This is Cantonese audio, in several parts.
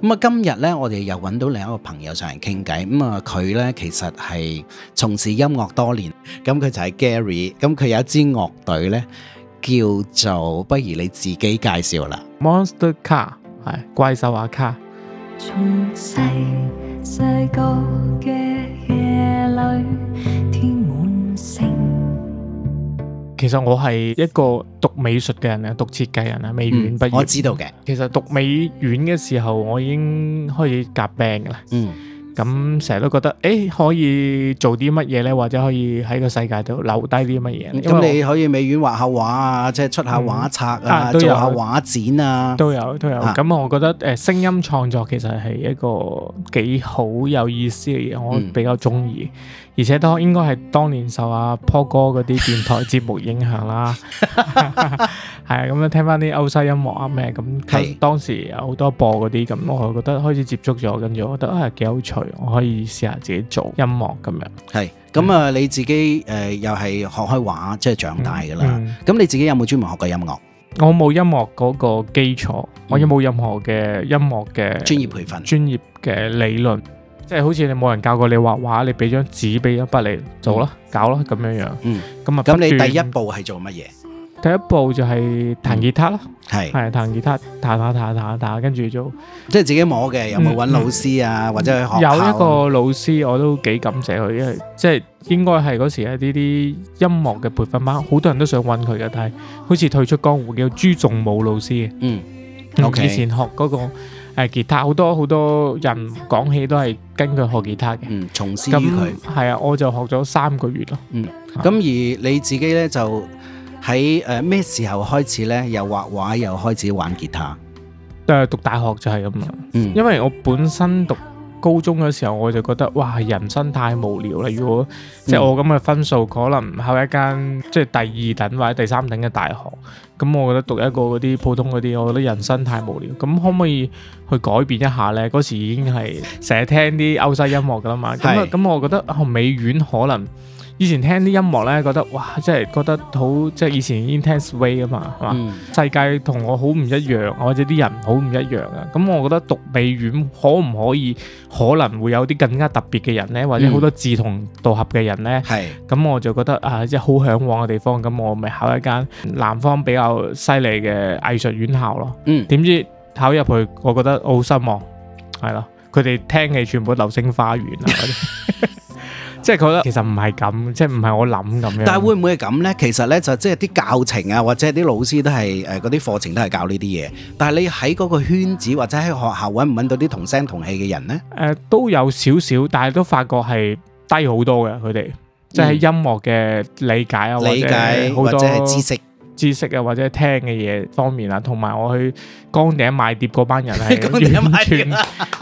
咁啊，今日咧，我哋又揾到另一個朋友上嚟傾偈。咁啊，佢咧其實係從事音樂多年，咁佢就係 Gary，咁佢有一支樂隊咧，叫做，不如你自己介紹啦，Monster KaR，係怪獸阿佧。KaR 其實我係一個讀美術嘅人啊，讀設計人啊，美院畢業、嗯。我知道嘅。其實讀美院嘅時候，我已經開始夾 band 㗎啦。嗯。咁成日都覺得，誒、欸，可以做啲乜嘢咧？或者可以喺個世界度留低啲乜嘢？咁你可以美院畫下畫啊，即係出下畫冊啊，做下畫展啊，都有下畫展、啊啊、都有。咁、啊、我覺得，誒，聲音創作其實係一個幾好有意思嘅嘢，嗯、我比較中意。而且都應該係當年受阿、啊、Paul 哥嗰啲電台節目影響啦，係 啊，咁樣聽翻啲歐西音樂啊咩咁，當時有好多播嗰啲咁，我覺得開始接觸咗，跟住我覺得啊幾、哎、有趣，我可以試下自己做音樂咁樣。係，咁啊你自己誒、呃、又係學開畫即係長大噶啦，咁、嗯嗯、你自己有冇專門學過音樂？我冇音樂嗰個基礎，我有冇任何嘅音樂嘅專業培訓、專業嘅理論。即係好似你冇人教過你畫畫，你俾張紙俾一筆你做咯，搞咯咁樣樣。嗯，咁啊。咁你第一步係做乜嘢？第一步就係彈吉他咯。係，係彈吉他，彈下彈下彈下彈下，跟住做，即係自己摸嘅。有冇揾老師啊？或者去學？有一個老師，我都幾感謝佢，因為即係應該係嗰時呢啲音樂嘅培訓班，好多人都想揾佢嘅，但係好似退出江湖，叫朱仲武老師嘅。嗯，我以前學嗰個。係吉他，好多好多人講起都係跟佢學吉他嘅。嗯，從事於佢係啊，我就學咗三個月咯。嗯，咁是而你自己咧，就喺誒，咩時候開始咧？又畫畫又開始玩吉他？誒，讀大學就係咁樣。嗯，因為我本身讀。高中嘅時候我就覺得哇，人生太無聊啦！如果即係我咁嘅分數，可能考一間即係第二等或者第三等嘅大學，咁我覺得讀一個嗰啲普通嗰啲，我覺得人生太無聊。咁可唔可以去改變一下呢？嗰時已經係成日聽啲歐西音樂噶啦嘛，咁咁我覺得後、啊、美院可能。以前聽啲音樂咧，覺得哇，即係覺得好，即係以前 intense way 啊嘛，係嘛？嗯、世界同我好唔一樣，或者啲人好唔一樣啊。咁我覺得讀美院可唔可以可能會有啲更加特別嘅人咧，或者好多志同道合嘅人咧。係、嗯。咁我就覺得啊，即係好向往嘅地方，咁我咪考一間南方比較犀利嘅藝術院校咯。嗯。點知考入去，我覺得好失望。係咯，佢哋聽嘅全部流星花園啊。嗯 即係佢，其實唔係咁，即係唔係我諗咁樣。但係會唔會係咁呢？其實呢，就即係啲教程啊，或者啲老師都係誒，嗰啲課程都係教呢啲嘢。但係你喺嗰個圈子或者喺學校揾唔揾到啲同聲同氣嘅人呢，誒、呃，都有少少，但係都發覺係低好多嘅佢哋，即係音樂嘅理解啊，理解、嗯、或者係知識。解多知識啊，或者聽嘅嘢方面啊，同埋我去崗頂買碟嗰班人係完全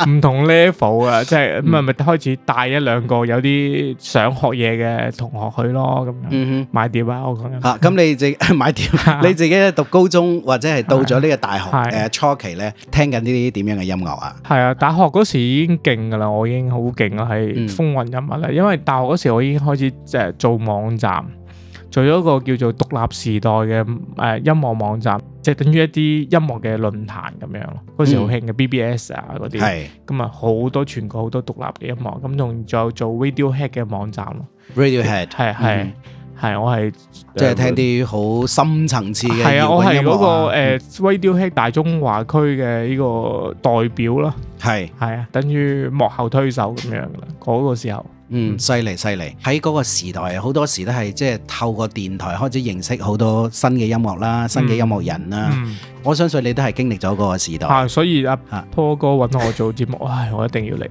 唔同 level 啊，即係咪咪開始帶一兩個有啲想學嘢嘅同學去咯，咁樣買碟啊，我講緊，咁你自己買碟，你自己讀高中或者係到咗呢個大學誒初期咧，聽緊呢啲點樣嘅音樂啊？係啊，大學嗰時已經勁噶啦，我已經好勁啊，係風雲人物啦。因為大學嗰時我已經開始誒做網站。做咗個叫做獨立時代嘅誒音樂網站，即係等於一啲音樂嘅論壇咁樣咯。嗰時好興嘅 BBS 啊，嗰啲係咁啊，好多全國好多獨立嘅音樂，咁仲有做 Radiohead 嘅網站咯。Radiohead 係係係，我係即係聽啲好深層次嘅搖滾音樂。係啊，我係嗰個誒 Radiohead 大中華區嘅呢個代表咯。係係啊，等於幕後推手咁樣噶啦。嗰個時候。嗯，犀利犀利，喺嗰個時代好多時都係即係透過電台開始認識好多新嘅音樂啦，新嘅音樂人啦。嗯嗯我相信你都係經歷咗嗰個時代啊，所以阿、啊、Po、啊、哥揾我做節目， 唉，我一定要嚟。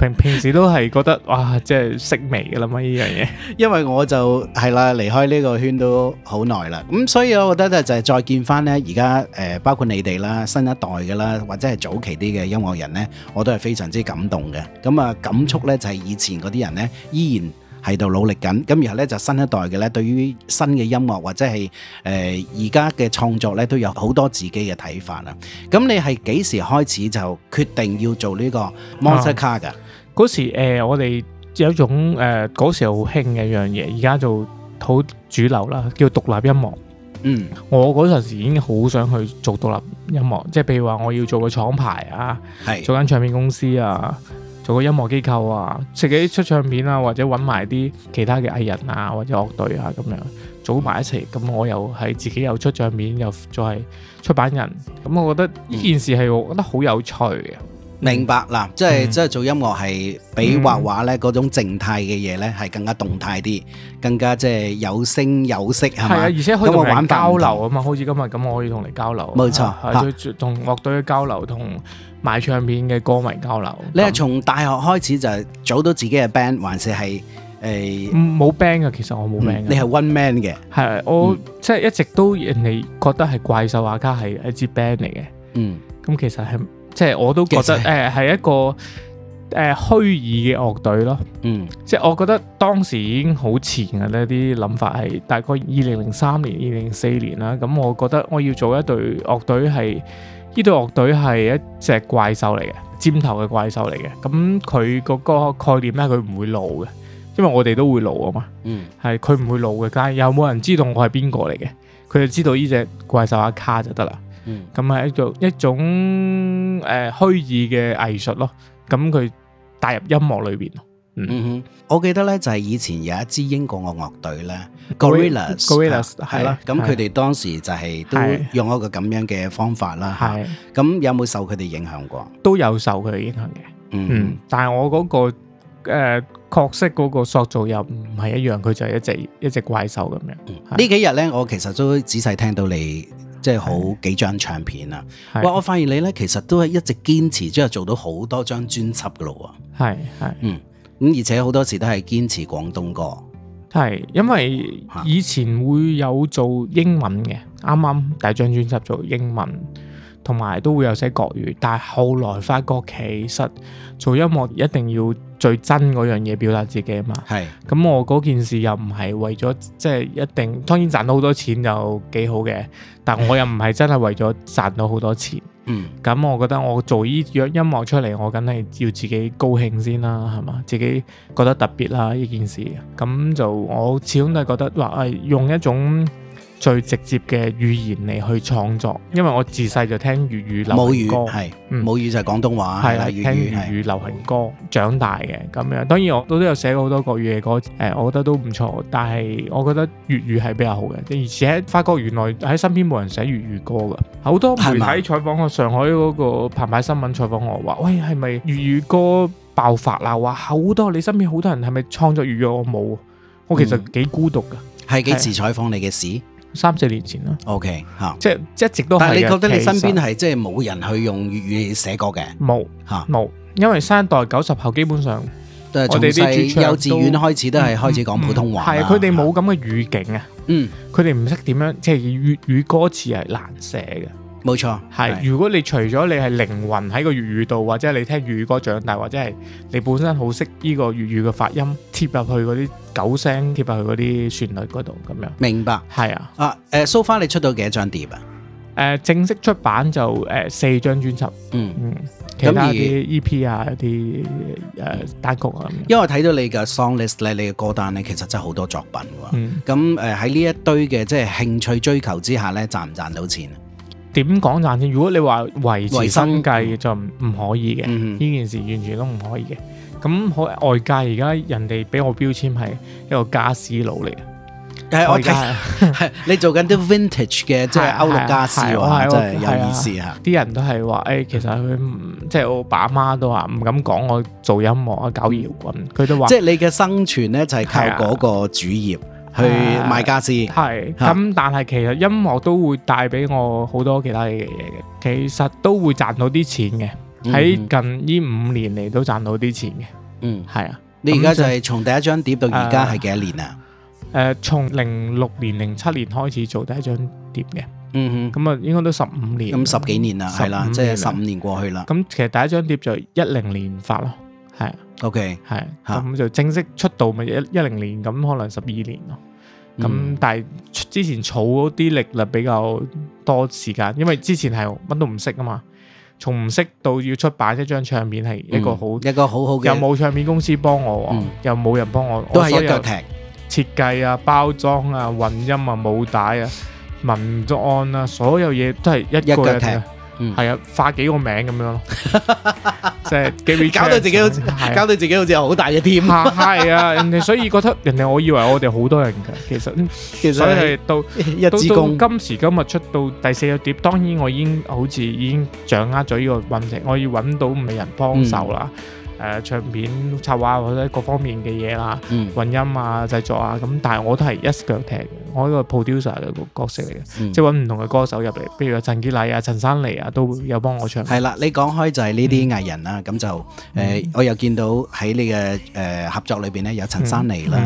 平 平時都係覺得哇，即係識味噶啦嘛呢樣嘢， 因為我就係啦，離開呢個圈都好耐啦。咁所以我覺得咧就係、是、再見翻咧，而家誒包括你哋啦，新一代噶啦，或者係早期啲嘅音樂人咧，我都係非常之感動嘅。咁啊感觸咧就係、是、以前嗰啲人咧依然，喺度努力緊，咁然後咧就新一代嘅咧，對於新嘅音樂或者係誒而家嘅創作咧，都有好多自己嘅睇法啦。咁你係幾時開始就決定要做呢個 Monster KaR 嘅？啊，嗰時，呃，我哋有一種誒，呃，嗰時好興嘅一樣嘢，而家就好主流啦，叫獨立音樂。嗯，我嗰陣時已經好想去做獨立音樂，即係譬如話我要做個廠牌啊，係是做間唱片公司啊。做個音樂機構啊，自己出唱片啊，或者揾埋啲其他嘅藝人啊，或者樂隊啊，咁樣組埋一齊。咁我又係自己又出唱片，又再係出版人。咁我覺得呢件事係我覺得好有趣嘅。明白嗱，即係即係做音樂係比畫畫咧，嗰種靜態嘅嘢咧，係更加動態啲，更加即係有聲有色係咪？係啊，而且可以同人交流啊嘛，好似今日咁，我可以同你交流。冇錯，同樂隊交流，同賣唱片嘅歌迷交流。你係從大學開始就組到自己嘅 band，還是係誒冇 band 嘅？其實我冇 band。你係 one man 嘅。係，我即係一直都人哋覺得係怪獸阿佧係一支 band 嚟嘅。嗯，咁其實係。即係我都覺得誒係、呃、一個誒虛擬嘅樂隊咯，嗯，即係我覺得當時已經好前嘅，呢啲諗法係大概二零零三年、二零零四年啦，咁我覺得我要做一隊樂隊，係呢隊樂隊係一隻怪獸嚟嘅，尖頭嘅怪獸嚟嘅，咁佢嗰個概念咧，佢唔會老嘅，因為我哋都會老啊嘛，嗯，係佢唔會老嘅，但係有冇人知道我係邊個嚟嘅？佢就知道呢隻怪獸阿佧就得啦。咁係、嗯、一種一種誒虛擬嘅藝術咯，咁佢帶入音樂裏邊。嗯，嗯，我記得咧就係、是、以前有一支英國嘅樂隊咧，Gorillaz，Gorillaz 係啦，咁佢哋當時就係都用一個咁樣嘅方法啦。係萊，咁有冇受佢哋影響過？都有受佢影響嘅。嗯，但係我嗰、那個誒，角色嗰個塑造又唔係一樣，佢就係一隻一隻怪獸咁樣。嗯嗯嗯、幾呢幾日咧，我其實都仔細聽到你。即係好幾張唱片啊！哇是！我發現你呢，其實都係一直堅持之後做到好多張專輯噶咯喎。係係嗯咁，而且好多時都係堅持廣東歌。係因為以前會有做英文嘅，啱啱、啊、第一張專輯做英文。同埋都會有寫國語，但係後來發覺其實做音樂一定要最真嗰樣嘢表達自己啊嘛。係是，咁我嗰件事又唔係為咗即係一定，當然賺到好多錢就幾好嘅，但我又唔係真係為咗賺到好多錢。嗯是，咁我覺得我做呢樣音樂出嚟，我梗係要自己高興先啦，係嘛？自己覺得特別啦呢件事，咁就我始終都係覺得話係用一種最直接嘅語言嚟去創作，因為我自細就聽粵語流行歌，係，粵、嗯、語就係廣東話，係啊的，粵語聽粵語流行歌的長大嘅咁樣。當然我都都有寫過好多國語嘅歌，誒、呃，我覺得都唔錯。但係我覺得粵語係比較好嘅，而且發覺原來喺身邊冇人寫粵語歌噶，好多媒體採訪我，嗎上海嗰個澎湃新聞採訪我話：喂，係咪粵語歌爆發啦？話，好多！你身邊好多人係咪創作粵語？我冇，嗯、我其實幾孤獨噶。係幾時採訪你嘅事？三四年前啦，OK 嚇、uh，即係一直都。但係你覺得你身邊係即係冇人去用粵語寫歌嘅？冇嚇沒，冇、啊，因為新一代九十後基本上我，我哋啲幼稚園開始都係開始講普通話，係佢哋冇咁嘅語境啊。嗯，佢哋唔識點樣，即係粵語歌詞係難寫嘅。冇錯，係。是是如果你除咗你係靈魂喺個粵語度，或者你聽粵語歌長大，或者係你本身好識呢個粵語嘅發音，貼入去嗰啲九聲，貼入去嗰啲旋律嗰度，咁樣。明白，係啊。啊，誒、呃，所以，你出到幾多張碟啊？誒、呃，正式出版就誒、呃、四張專輯。嗯嗯。其他啲 EP 啊，一啲誒單曲啊。嗯、因為我睇到你嘅 song list 咧，你嘅歌單咧，其實真係好多作品。嗯。咁誒喺呢一堆嘅即係興趣追求之下咧，賺唔賺到錢？點講賺錢？如果你話維持生計就唔可以嘅，呢、嗯、件事完全都唔可以嘅。咁外外界而家人哋俾我標籤係一個家私佬嚟嘅。誒、哎，我看 你做緊啲 vintage 嘅，即係歐陸家私，啊啊啊、真係有意思吓、啊。啲、啊、人都係話誒，其實佢即係我爸阿媽都話唔敢講我做音樂啊，搞搖滾，佢都話。即係你嘅生存咧，就係靠嗰個主業去買家私，係咁，呃，但係其實音樂都會帶俾我好多其他嘅嘢嘅，其實都會賺到啲錢嘅，喺近呢五年嚟都賺到啲錢嘅，嗯，係啊，就係，你而家就係從第一張碟到而家係幾多年啊？誒、呃，從零六年、零七年開始做第一張碟嘅，嗯哼，咁啊，應該都十五年，咁十幾年啦，係啦，了即係十五年過去啦，咁其實第一張碟就一零年發咯。係，OK，係咁就正式出道咪一一零年，咁可能十二年咯。咁但係之前儲嗰啲力嘞，比較多時間，因為之前係乜都唔識啊嘛，從唔識到要出版一張唱片係一個好一個好好嘅，又冇唱片公司幫我，又冇人幫我，都係一腳踢設計啊、包裝啊、混音啊、母帶啊、文案啦，所有嘢都係一腳踢。係、嗯、啊，化幾個名咁樣咯，即係 搞到自己好似，啊、搞到自己好似有好大嘅 team、啊。e 係 啊，人哋所以覺得人哋，我以為我哋好多人嘅，其實其實係到一支公，今時今日出到第四個碟，當然我已經好似已經掌握咗呢個運程，我要揾到美人幫手啦。嗯誒唱片插畫或者各方面嘅嘢啦，混、嗯、音啊、製作啊，咁但係我都係一腳踢，我呢個 producer 嘅角色嚟嘅，嗯、即係揾唔同嘅歌手入嚟，譬如阿陳潔麗啊、陳珊妮啊，都會有幫我唱。係啦，你講開就係呢啲藝人啦，咁、嗯、就誒，呃嗯、我又見到喺你嘅誒合作裏邊咧，有陳珊妮啦，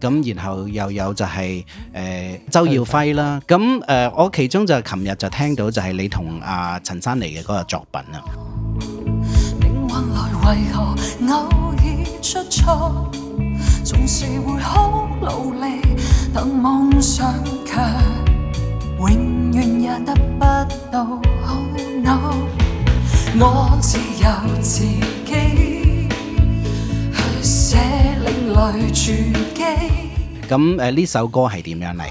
咁、嗯嗯、然後又有就係、是、誒、呃、周耀輝啦，咁誒、嗯、我其中就琴日就聽到就係你同阿陳珊妮嘅嗰個作品啊。咁誒呢首歌係點樣嚟嘅？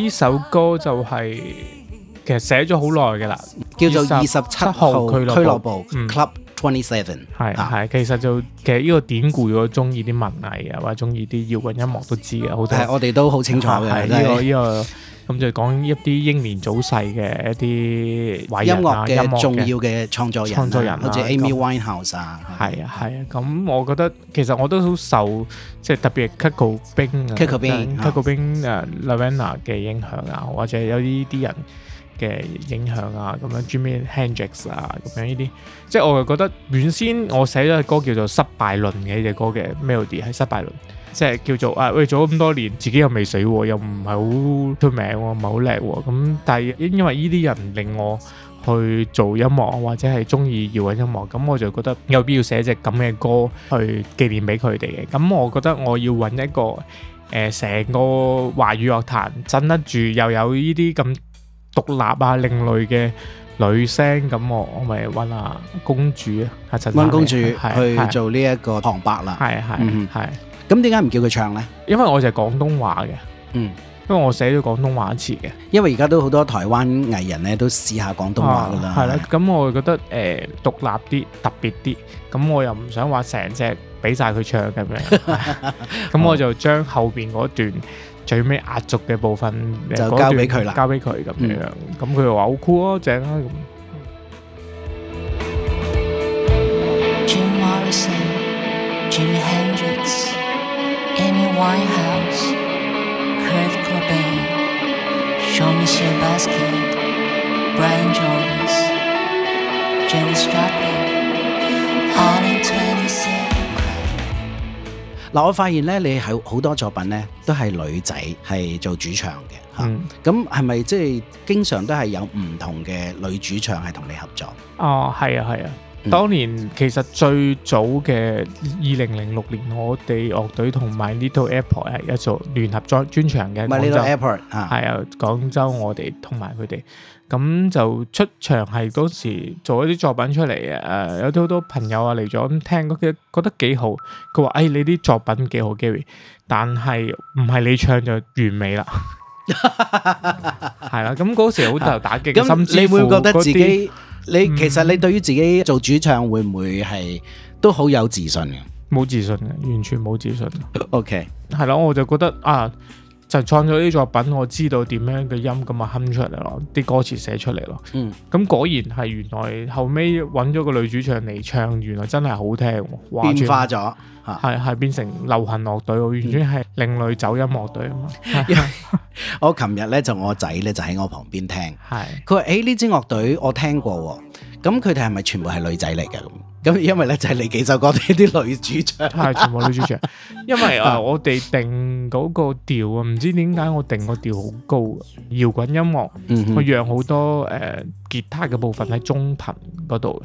呢首歌就係其實寫咗好耐嘅啦，叫做二十七號俱樂部 Club。Twenty seven，係係，其實就其實呢個典故，如果中意啲文藝、嗯、啊，啊，啊，或者中意啲搖滾音樂都知嘅，好多係我哋都好清楚嘅。係呢個呢個，咁就講一啲英年早逝嘅一啲音樂嘅重要嘅創作人，創作人好似 Amy Winehouse 啊，係啊係啊。咁我覺得其實我都好受，即係特別 Kurt Cobain 啊，Kurt Cobain，Kurt Cobain 啊，Lavenna 嘅影響啊，或者有呢啲人。嘅影響啊，咁樣，Jimmy Hendrix 啊，咁樣呢啲，即係我係覺得原先我寫咗個歌叫做《失敗論》嘅呢隻歌嘅 melody 係《mel 失敗論》，即係叫做啊，喂，做咗咁多年，自己又未死喎，又唔係好出名喎，唔係好叻喎，咁、嗯、但係因為呢啲人令我去做音樂，或者係中意搖滾音樂，咁、嗯、我就覺得有必要寫隻咁嘅歌去紀念俾佢哋嘅。咁、嗯、我覺得我要揾一個誒，成、呃、個華語樂壇震得住，又有呢啲咁。獨立啊，另類嘅女聲咁我，咪揾啊公主啊陳，揾公主去做呢一個旁白啦。係係係。咁點解唔叫佢唱呢？因為我就係廣東話嘅，嗯，因為我寫咗廣東話詞嘅。因為而家都好多台灣藝人咧都試下廣東話噶啦。係啦。咁我覺得誒，獨立啲，特別啲。咁我又唔想話成隻俾晒佢唱咁樣。咁我就將後邊嗰段。最尾壓軸嘅部分就交俾佢啦，交俾佢咁樣，咁佢、嗯、就話好酷咯，正、oh, cool 啊！」咁。 嗱，我發現咧，你好多作品咧，都係女仔係做主唱嘅嚇。咁係咪即係經常都係有唔同嘅女主唱係同你合作？哦，係啊，係啊。當年其實最早嘅二零零六年，我哋樂隊同埋呢套 Apple 係一組聯合專專場嘅。唔係呢套 Apple 啊，係啊，廣州我哋同埋佢哋，咁就出場係當時做一啲作品出嚟啊！有好多朋友啊嚟咗咁聽，覺得覺得幾好。佢話：誒，你啲作品幾好 Gary，但係唔係你唱就完美啦。係啦，咁嗰時好大打擊，甚至乎嗰啲。你其實你對於自己做主唱會唔會係都好有自信嘅？冇自信嘅，完全冇自信。OK，係囉，我就覺得啊。就創咗啲作品，我知道點樣嘅音咁啊，哼出嚟咯，啲歌詞寫出嚟咯。嗯，咁果然係原來後尾揾咗個女主唱嚟唱，原來真係好聽，變化咗，係係變成流行樂隊，啊、完全係另類走音樂隊啊嘛。我琴日呢，就我仔呢，就喺我旁邊聽，係佢話：誒呢、欸、支樂隊我聽過。咁佢哋係咪全部係女仔嚟噶？咁咁，因為咧就係你幾首歌啲啲女主唱，係 全部女主唱。因為啊，我哋定嗰個調啊，唔知點解我定個調好高，搖滾音樂、mm hmm. 我讓好多誒、呃，吉他嘅部分喺中頻嗰度。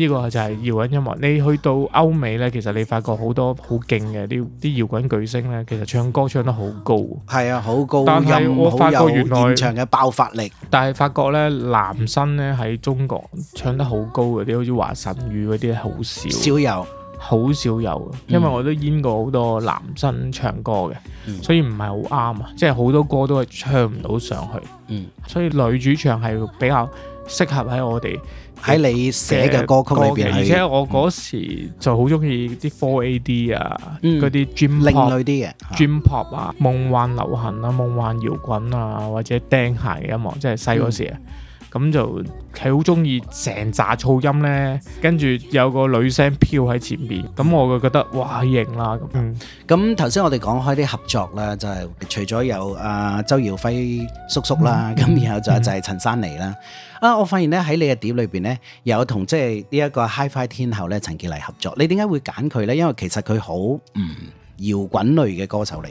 呢個就係搖滾音樂。你去到歐美呢，其實你發覺好多好勁嘅啲啲搖滾巨星呢，其實唱歌唱得好高。係啊，好高，但係我發覺原來現場嘅爆發力。但係發覺呢，男生呢喺中國唱得好高嗰啲，好似華晨宇嗰啲好少少有，好少有。因為我都演過好多男生唱歌嘅，嗯、所以唔係好啱啊。即係好多歌都係唱唔到上去。嗯，所以女主唱係比較適合喺我哋，喺你寫嘅歌曲裏邊，而且我嗰時就好中意啲 Four AD 啊，嗰啲 dream pop 啊，另類啲嘅 dream pop 啊，夢幻流行啊，夢幻搖滾啊，或者釘鞋嘅音樂，即係細嗰時啊。嗯咁就佢好中意成扎噪音呢。跟住有個女聲飄喺前面，咁我會覺得哇，型啦咁。咁頭先我哋講開啲合作啦，就係、是、除咗有阿、啊、周耀輝叔叔啦，咁、嗯、然後就就係陳珊妮啦。嗯、啊，我發現呢，喺你嘅碟裏邊呢，有同即係呢一個 Hi-Fi 天后呢，陳潔麗合作。你點解會揀佢呢？因為其實佢好唔搖滾類嘅歌手嚟。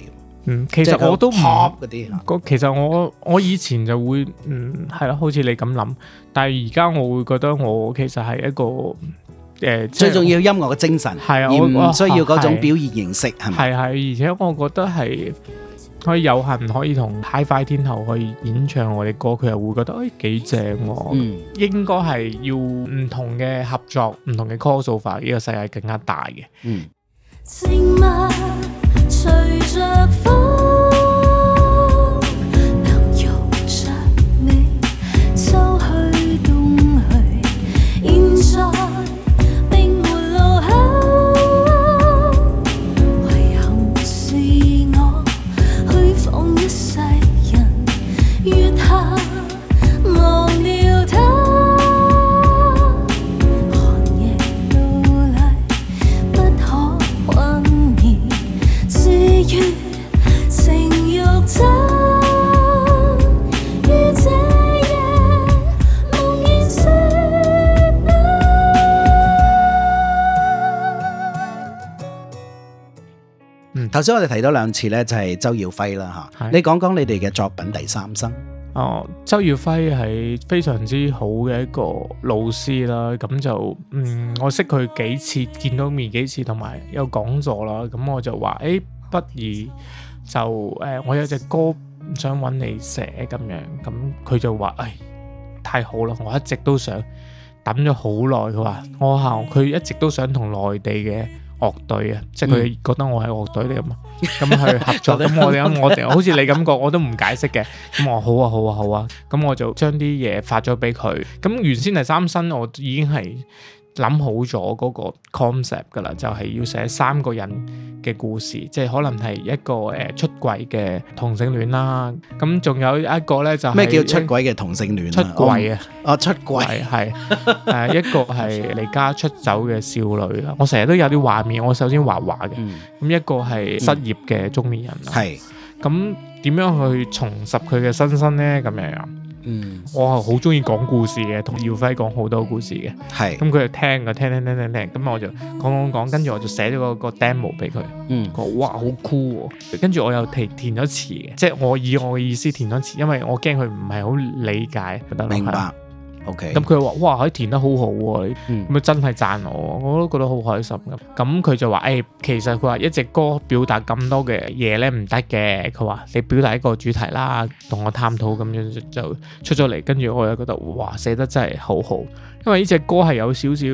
其實我都唔嗰，其實我我以前就會嗯，係咯、啊，好似你咁諗，但係而家我會覺得我其實係一個誒、呃、最重要是音樂嘅精神，啊、而唔需要嗰種表現形式。係係、啊吧，而且我覺得係可以有幸可以同 Hi-Fi 天后可以演唱我哋歌，佢又會覺得誒幾、哎、正喎、啊。嗯，應該係要唔同嘅合作，唔同嘅 crossover，呢個世界更加大嘅。嗯。嗯。隨着風。頭先我哋提到兩次咧，就係、是、周耀輝啦嚇。的你講講你哋嘅作品《第三生》哦。周耀輝係非常之好嘅一個老師啦。咁就嗯，我識佢幾次，見到面幾次，同埋有，有講座啦。咁我就話：誒、欸，不如就誒、呃，我有隻歌唔想揾你寫咁樣。咁佢就話：唉、哎，太好啦！我一直都想等咗好耐。佢話：我行，佢一直都想同內地嘅。樂隊啊，即係佢覺得我係樂隊嚟啊嘛，咁 去合作，咁 我咁 我就好似你感覺，我都唔解釋嘅，咁 我話好啊好啊好啊，咁我就將啲嘢發咗俾佢，咁原先係三生，我已經係。諗好咗嗰個 concept 噶啦，就係要寫三個人嘅故事，即係可能係一個誒出軌嘅同性戀啦。咁仲有一個咧就係咩叫出軌嘅同性戀？出軌啊！啊出軌係誒一個係離家出走嘅少女啦。我成日都有啲畫面，我首先畫畫嘅。嗯。咁一個係失業嘅中年人。係。咁點樣去重拾佢嘅新生咧？咁樣樣。嗯，我係好中意講故事嘅，同耀輝講好多故事嘅，係。咁佢就聽嘅，聽聽聽聽聽。咁我，我就講講講，跟住我就寫咗個 demo 俾佢。個嗯，哇，好酷喎！跟住我又填填咗詞嘅，即係我以我嘅意思填咗詞，因為我驚佢唔係好理解得明白。咁佢話：哇，可以填得好好、啊、喎，咁咪、嗯、真係讚我、啊，我都覺得好開心嘅、啊。咁佢就話：誒、欸，其實佢話一隻歌表達咁多嘅嘢咧唔得嘅，佢話你表達一個主題啦，同我探討咁樣就，就出咗嚟。跟住我又覺得哇，寫得真係好好，因為呢隻歌係有少少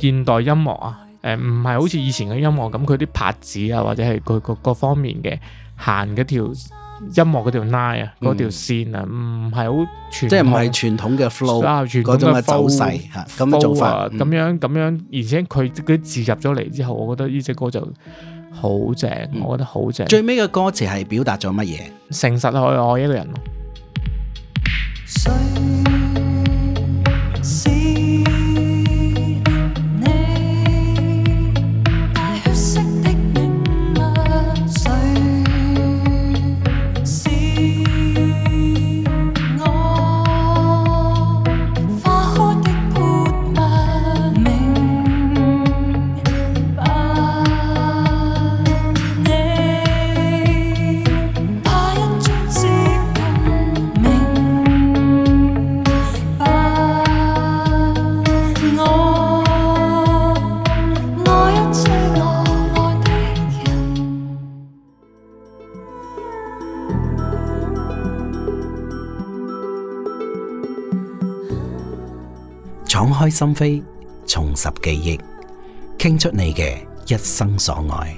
現代音樂啊，誒唔係好似以前嘅音樂咁，佢啲拍子啊或者係佢各個各方面嘅行嘅條。音樂嗰條 line 啊、嗯，嗰條線啊，唔係好傳，即係唔係傳統嘅 flow，嗰、啊、種嘅走勢吓，咁、啊、樣咁、嗯、樣，樣，而且佢啲字入咗嚟之後，我覺得呢隻歌就好正，嗯、我覺得好正。最尾嘅歌詞係表達咗乜嘢？誠實去愛一個人。開心扉，重拾記憶，傾出你嘅一生所愛。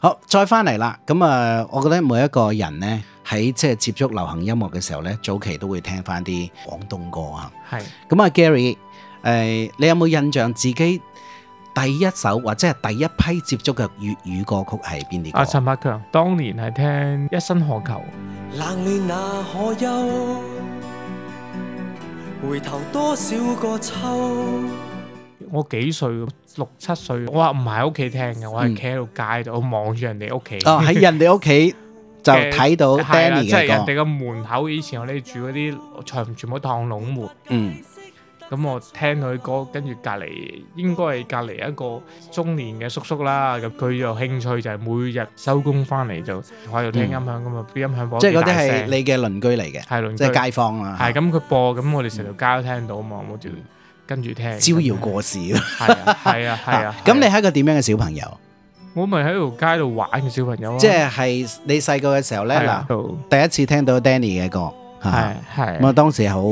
好，再翻嚟啦。咁啊，我覺得每一個人呢，喺即係接觸流行音樂嘅時候呢，早期都會聽翻啲廣東歌啊。係。咁啊，Gary，誒，你有冇印象自己？第一首或者係第一批接觸嘅粵語歌曲係邊啲歌？阿陳百強當年係聽《一生何求》。冷暖哪可休？回頭多少個秋？我幾歲？六七歲。我話唔係喺屋企聽嘅，我係企喺度街度，我望住人哋屋企。哦，喺人哋屋企就睇到係啦，即係人哋嘅門口。以前我哋住嗰啲牆全部趟櫳門。嗯。咁我聽佢歌，跟住隔籬應該係隔籬一個中年嘅叔叔啦。咁佢有興趣就係每日收工翻嚟，就喺度聽音響咁啊，音響播即係嗰啲係你嘅鄰居嚟嘅，係鄰居即係街坊啦。係咁佢播，咁我哋成條街都聽到啊嘛，我就跟住聽招搖過市咯。係啊係啊。咁你係一個點樣嘅小朋友？我咪喺條街度玩嘅小朋友啊。即係你細個嘅時候咧，嗱，第一次聽到 Danny 嘅歌，係係，我當時好。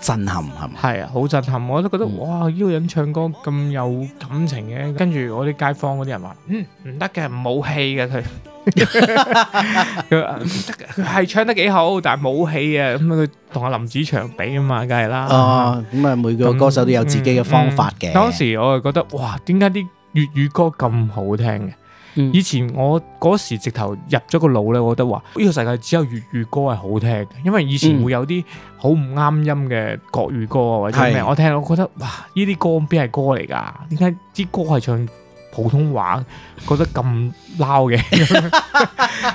震撼係咪？係啊，好震撼！我都覺得哇，呢、呢個人唱歌咁有感情嘅、啊。跟住我啲街坊嗰啲人話：嗯，唔得嘅，冇氣嘅佢。佢話唔得，佢、嗯、係唱得幾好，但係冇氣啊！咁佢同阿林子祥比啊嘛，梗係啦。哦，咁啊，每個歌手都有自己嘅方法嘅、嗯嗯。當時我就覺得哇，點解啲粵語歌咁好聽嘅？以前我嗰、嗯、時直頭入咗個腦咧，我覺得話呢個世界只有粵語歌係好聽，因為以前會有啲好唔啱音嘅國語歌啊，或者咩，是我聽，我覺得哇，呢啲歌邊係歌嚟㗎？點解啲歌係唱？普通話覺得咁撈嘅，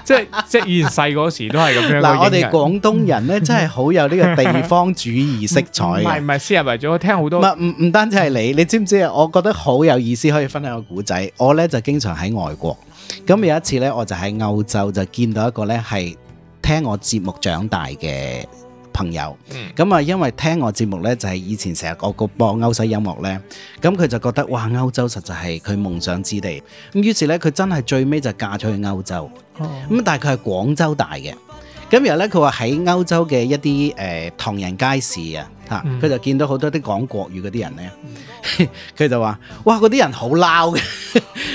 即係即係以前細嗰時都係咁樣。嗱， 我哋廣東人咧，真係好有呢個地方主義色彩嘅。唔係唔係，深入為咗聽好多。唔唔，唔單止係你，你知唔知啊？我覺得好有意思，可以分享個古仔。我咧就經常喺外國，咁有一次咧，我就喺歐洲就見到一個咧，係聽我節目長大嘅。朋友，咁啊、嗯，因為聽我節目咧，就係、是、以前成日我個播歐西音樂咧，咁佢就覺得哇，歐洲實在係佢夢想之地，咁於是咧，佢真係最尾就嫁咗去歐洲，咁但係佢係廣州大嘅。今日後咧，佢話喺歐洲嘅一啲誒、呃、唐人街市啊，嚇，佢就見到好多啲講國語嗰啲人咧，佢 就話，哇，嗰啲人好撈嘅，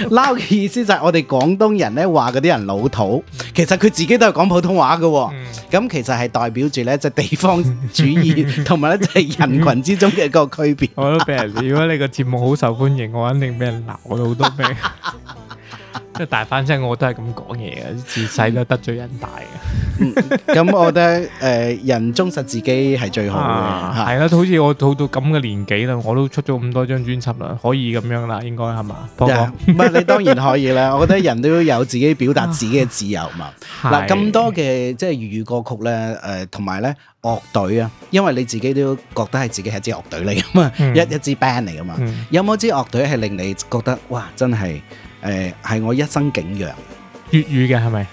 撈嘅意思就係我哋廣東人咧話嗰啲人老土，其實佢自己都係講普通話嘅，咁、嗯嗯、其實係代表住咧就地方主義同埋咧就係人群之中嘅個區別。 我都俾人，如果你個節目好受歡迎，我肯定俾人撈好多啲。即係大翻聲，反正我都係咁講嘢嘅，自細都得罪人大嘅。 咁我覺得誒，人忠實自己係最好嘅，係啦。好似我到到咁嘅年紀啦，我都出咗咁多張專輯啦，可以咁樣啦，應該係嘛？唔係你當然可以啦。我覺得人都有自己表達自己嘅自由嘛。嗱，咁多嘅即係粵語歌曲咧，誒，同埋咧樂隊啊，因為你自己都覺得係自己係支樂隊嚟噶嘛，一一支 band 嚟噶嘛。有冇支樂隊係令你覺得哇，真係誒，係我一生景仰粵語嘅係咪？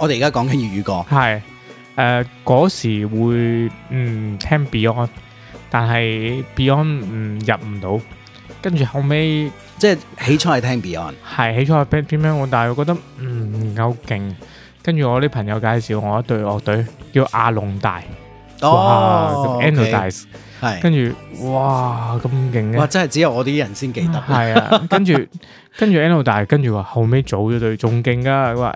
我哋而家講緊粵語歌，係誒嗰時會嗯聽 Beyond，但係 Beyond 唔入唔到，跟住後尾即係起初係聽 Beyond，係起初係 band 咩咩我，但係我覺得唔夠勁，跟住我啲朋友介紹我一隊樂隊叫亞龍大哦，Anodize，係，跟住哇咁勁，哇真係只有我啲人先記得，係啊，跟住。跟住亞龍大，跟住話後尾組咗隊仲勁噶，佢話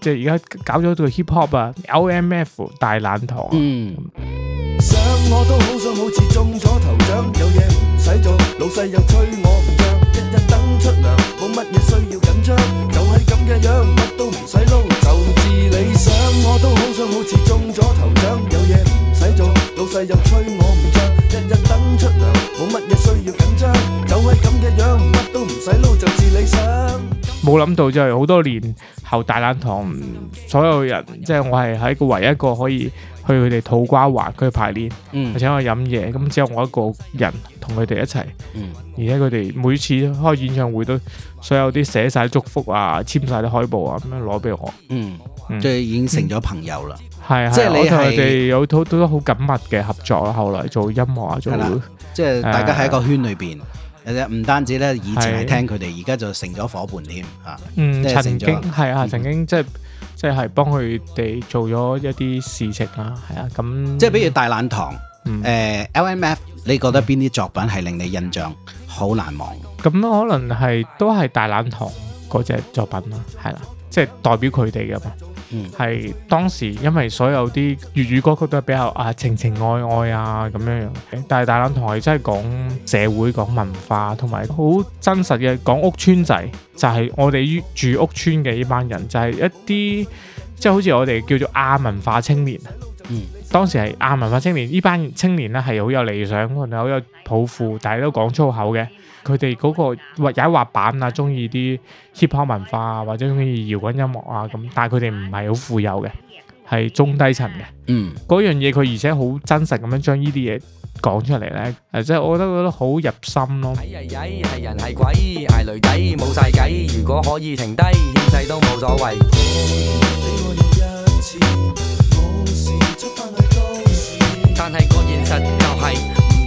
即係而家搞咗隊 hip hop 啊，LMF 大懶堂。.冇乜乜嘢需要緊張，就係咁嘅樣，乜都唔使撈，就係理想。冇諗到，就係好多年後大懶堂，所有人，即、就、係、是、我係喺個唯一一個可以去佢哋土瓜灣區排練，嗯，請我飲嘢，咁只有我一個人同佢哋一齊，嗯、而且佢哋每次開演唱會都，所有啲寫晒祝福啊，簽晒啲海報啊，咁樣攞俾我，嗯，即係已經成咗朋友啦，係、嗯，即係我同佢哋有好多好緊密嘅合作，後來做音樂、啊、做。即係大家喺一個圈裏邊，誒、呃,唔單止咧，以前係聽佢哋，而家係就成咗伙伴添啊。嗯，曾經係啊，曾經即係即係幫佢哋做咗一啲事情啦，係啊。咁即係比如大懶堂誒、呃，LMF，嗯，你覺得邊啲作品係令你印象好難忘？咁可能係都係大懶堂嗰隻作品啦，係啦，即係代表佢哋嘅。係當時因為所有啲粵語歌曲都係比較啊情情愛愛啊咁樣樣，但係大懶堂真係講社會、講文化，同埋好真實嘅講屋村仔，就係、是、我哋住屋村嘅呢班人，就係、是、一啲即係好似我哋叫做亞文化青年。嗯，當時係亞文化青年呢班青年咧係好有理想，好有抱負，但係都講粗口嘅。佢哋嗰個踩滑板啊，中意啲 hiphop 文化啊，或者中意搖滾音樂啊咁，但係佢哋唔係好富有嘅，係中低層嘅。嗯，嗰樣嘢佢而且好真實咁樣將呢啲嘢講出嚟咧，誒，即係我覺得覺得好入心咯。哎呀呀，係人係鬼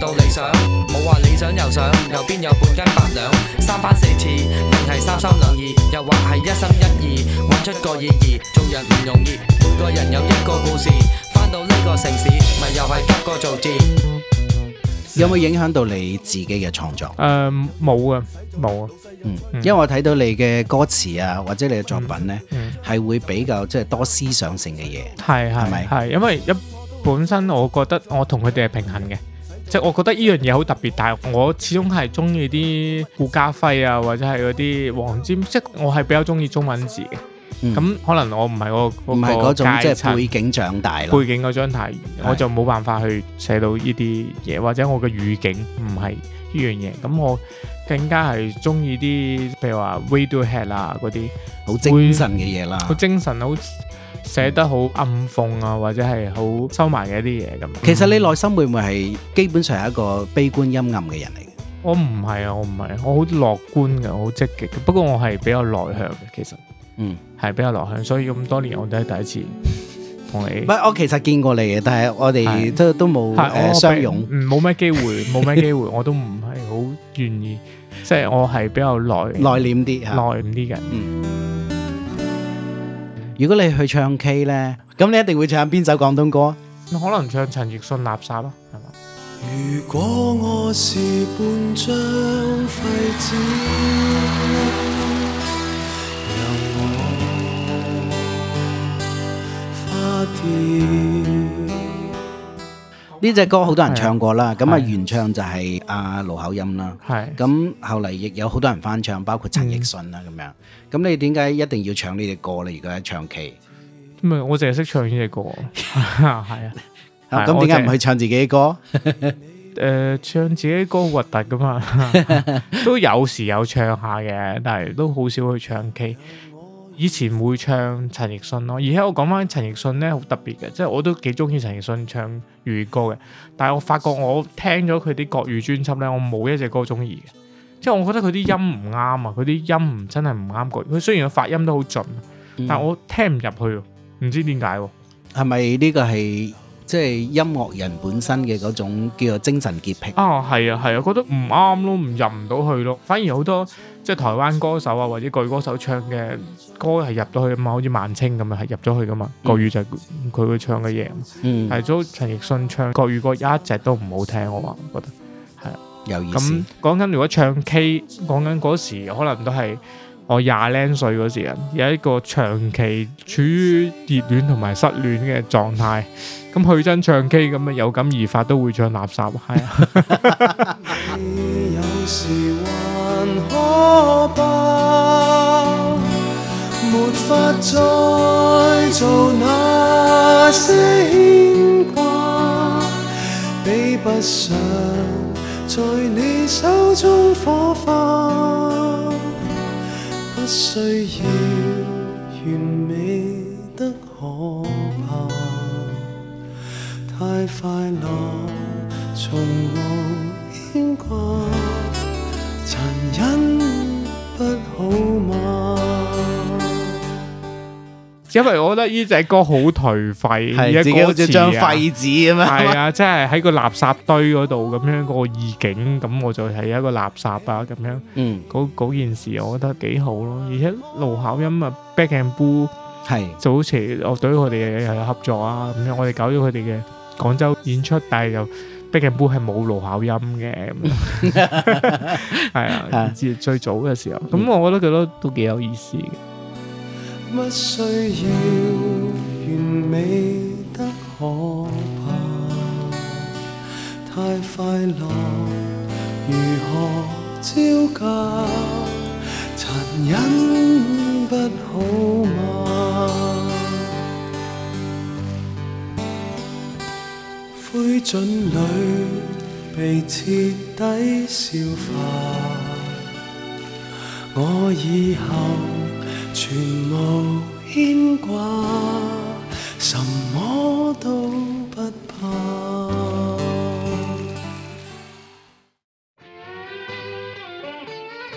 到理想，冇話理想又想，右邊有半斤八兩，三番四次，又係三三兩二，又或係一心一意，搵出個意義。做人唔容易，每個人有一個故事，翻到呢個城市，咪又係急個造字。有冇影響到你自己嘅創作？誒、呃，冇啊，冇啊。嗯，因為我睇到你嘅歌詞啊，或者你嘅作品咧，係、嗯、會比較即係、就是、多思想性嘅嘢。係係咪？係因為一本身我覺得我同佢哋係平衡嘅。即係我覺得呢樣嘢好特別，但係我始終係中意啲顧嘉輝啊，或者係嗰啲黃霑，即我係比較中意中文字嘅。咁、嗯、可能我唔係我唔係嗰種即係灘背景長大，背景嗰張太，我就冇辦法去寫到呢啲嘢，或者我嘅語境唔係呢樣嘢。咁我更加係中意啲，譬如話 We Do Head 啊嗰啲好精神嘅嘢啦，好精神好。寫得好暗諷啊，或者係好收埋嘅一啲嘢咁。其實你內心會唔會係基本上係一個悲觀陰暗嘅人嚟？我唔係啊，我唔係，我好樂觀嘅，好積極。不過我係比較內向嘅，其實，嗯，係比較內向。所以咁多年，我都係第一次同你。唔係，我其實見過你嘅，但係我哋都都冇相擁，冇咩機會，冇咩機會，我都唔係好願意。即係我係比較內內斂啲，內斂啲嘅，嗯。如果你去唱 K 咧，咁你一定會唱邊首廣東歌？你可能唱陳奕迅垃圾咯，係嘛？呢隻歌好多人唱過啦，咁啊原唱就係阿盧口音啦，咁、啊、後嚟亦有好多人翻唱，包括陳奕迅啦咁、嗯、樣。咁你點解一定要唱呢隻歌咧？如果喺唱 K，唔係我淨係識唱呢隻歌，係 啊， 咁點解唔去唱自己嘅歌？誒、 呃，唱自己歌好核突噶嘛， 都有時有唱下嘅，但係都好少去唱 K。以前會唱陳奕迅咯，而且我講翻陳奕迅咧好特別嘅，即係我都幾中意陳奕迅唱粵語歌嘅。但係我發覺我聽咗佢啲國語專輯咧，我冇一隻歌中意嘅，即係我覺得佢啲音唔啱啊，佢啲、嗯、音唔真係唔啱國語。佢雖然個發音都好準，但我聽唔入去，唔知點解喎。係咪呢個係？即係音樂人本身嘅嗰種叫做精神潔癖啊，係啊係啊，覺得唔啱咯，唔入唔到去咯。反而好多即係台灣歌手啊，或者國語歌手唱嘅歌係入到去噶嘛，好似萬青咁啊，係入咗去噶嘛。國語就佢佢會唱嘅嘢，嗯，係。咁陳奕迅唱國語歌一直都唔好聽，我話覺得係、啊、有意思。咁講緊如果唱 K，講緊嗰時可能都係。我廿零歲嗰時啊，有一個長期處於熱戀同埋失戀嘅狀態。咁去真唱 K 咁啊，有感而發都會唱垃圾，係啊。你有時還可怕，沒法再做那些牽掛，比不上在你手中火化。不需要完美得可怕，太快樂。從沒。因為我覺得呢隻歌好頹廢，而家嗰詞啊，好似張廢紙咁樣，係啊，即係喺個垃圾堆嗰度咁樣個意境，咁我就係一個垃圾啊咁樣。嗯，嗰件事我覺得幾好咯，而且盧巧音啊 Back and Boo 係是早前樂隊佢哋係合作啊，咁、嗯、樣我哋搞咗佢哋嘅廣州演出，但係就 Back and Boo 係冇盧巧音嘅，係啊， 自最早嘅時候，咁、嗯、我覺得佢都都幾有意思。乜需要完美得可怕，太快樂如何招架？殘忍不好嗎？灰燼裏被徹底消化，我以後。全無牽掛，什麼都不怕。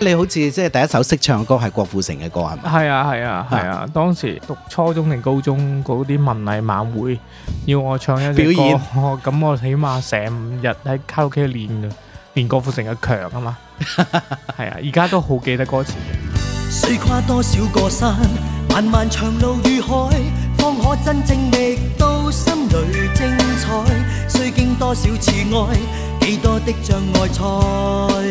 你好似即係第一首識唱嘅歌係郭富城嘅歌係嘛？係啊係啊係啊！當時讀初中定高中嗰啲文藝晚會要我唱一首歌，咁我起碼成日喺卡拉 OK 練嘅，練郭富城嘅《強》啊嘛，係啊，而家都好記得歌詞。需跨多少個山，漫漫長路遇海，方可真正覓到心裏精彩。需經多少次愛，幾多的障礙賽，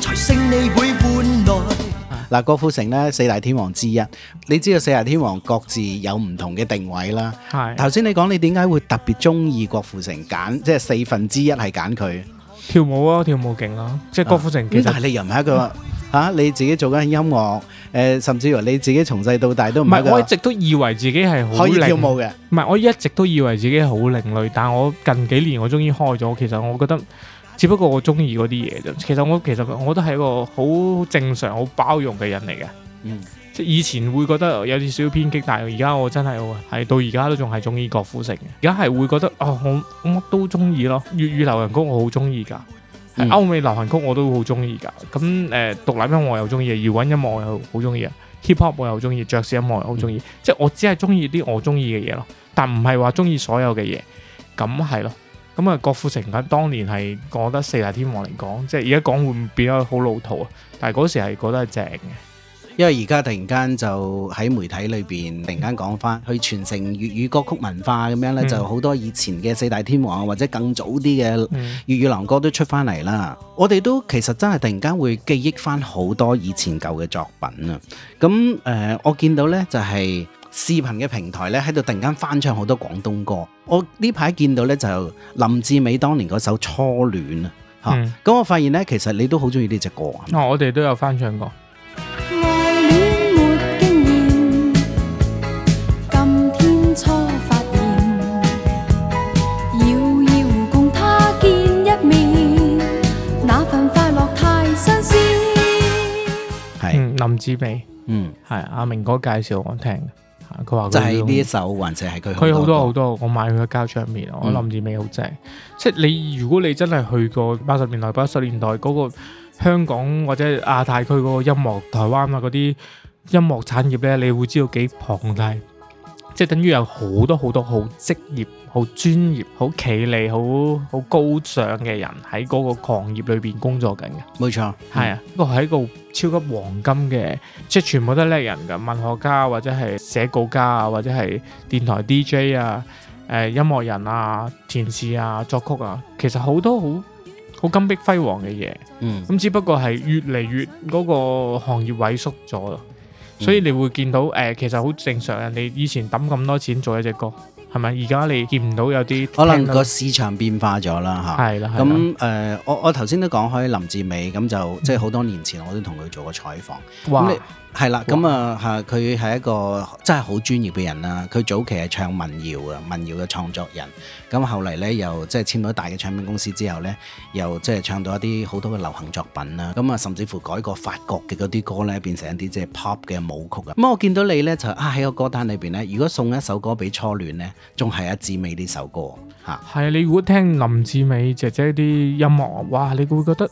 才勝利會換來。嗱，郭富城呢四大天王之一，你知道四大天王各自有唔同嘅定位啦。係頭先你講你點解會特別中意郭富城揀，即係四分之一係揀佢跳舞啊，跳舞勁啊，即係郭富城。其實你又唔係一個。啊！你自己做緊音樂，誒、呃，甚至乎你自己從細到大都唔係，我一直都以為自己係可以跳舞嘅。唔係，我一直都以為自己好另類，但係我近幾年我終於開咗。其實我覺得，只不過我中意嗰啲嘢啫。其實我其實我覺得係一個好正常、好包容嘅人嚟嘅。嗯，即以前會覺得有啲少偏激，但係而家我真係係到而家都仲係中意郭富城嘅。而家係會覺得哦、呃，我乜都中意咯，粵語流行曲我好中意噶。係歐、嗯、美流行曲我都好中意噶。咁誒獨立音樂我又中意，搖滾音樂我又好中意，hip hop 我又中意，爵士音樂又好中意，嗯、即係我只係中意啲我中意嘅嘢咯，但唔係話中意所有嘅嘢，咁係咯。咁、嗯、啊郭富城咁當年係講得四大天王嚟講，即係而家講會唔會變咗好老土啊？但係嗰時係覺得係正嘅。因為而家突然間就喺媒體裏邊突然間講翻去傳承粵語歌曲文化咁樣呢，嗯、就好多以前嘅四大天王啊，或者更早啲嘅粵語男歌都出翻嚟啦。嗯、我哋都其實真係突然間會記憶翻好多以前舊嘅作品啊。咁誒、呃，我見到呢，就係、是、視頻嘅平台呢，喺度突然間翻唱好多廣東歌。我呢排見到呢，就林志美當年嗰首初戀、嗯、啊嚇。咁我發現呢，其實你都好中意呢隻歌啊、嗯哦。我哋都有翻唱過。志美，嗯，係阿明哥介紹我聽嘅，佢話就係呢一首，或者係佢，佢好多好多，多，我買佢嘅膠唱片，我諗志美好正，嗯、即係你如果你真係去過八十年代、八十年代嗰、嗰個香港或者亞太區嗰個音樂、台灣啊嗰啲音樂產業咧，你會知道幾龐大。即係等於有好多好多好職業、好專業、好企理、好好高尚嘅人喺嗰個行業裏邊工作緊嘅。冇錯，係啊，呢個係一個超級黃金嘅，即係全部都叻人噶，文學家或者係寫稿家啊，或者係電台 DJ 啊，誒、呃，音樂人啊，電視啊，作曲啊，其實好多好好金碧輝煌嘅嘢。嗯，咁只不過係越嚟越嗰個行業萎縮咗咯。.所以你會見到，誒、呃，其實好正常啊！你以前抌咁多錢做一隻歌，係咪？而家你見唔到有啲可能個市場變化咗啦，嚇。係啦，咁誒，我我頭先都講開林志美，咁就即係好多年前我都同佢做過採訪。哇係啦，咁啊吓，佢係、嗯嗯嗯嗯、一個真係好專業嘅人啦。佢早期係唱民謠啊，民謠嘅創作人。咁、嗯嗯、後嚟咧，又即係簽咗大嘅唱片公司之後咧，又即係唱到一啲好多嘅流行作品啦。咁、嗯、啊、嗯，甚至乎改過法國嘅嗰啲歌咧，變成一啲即係 pop 嘅舞曲啊。咁、嗯嗯嗯、我見到你咧就啊喺個歌單裏邊咧，如果送一首歌俾初戀咧，仲係阿志美呢首歌吓。係、嗯、你如果聽林志美姐姐啲音樂啊，哇，你會覺得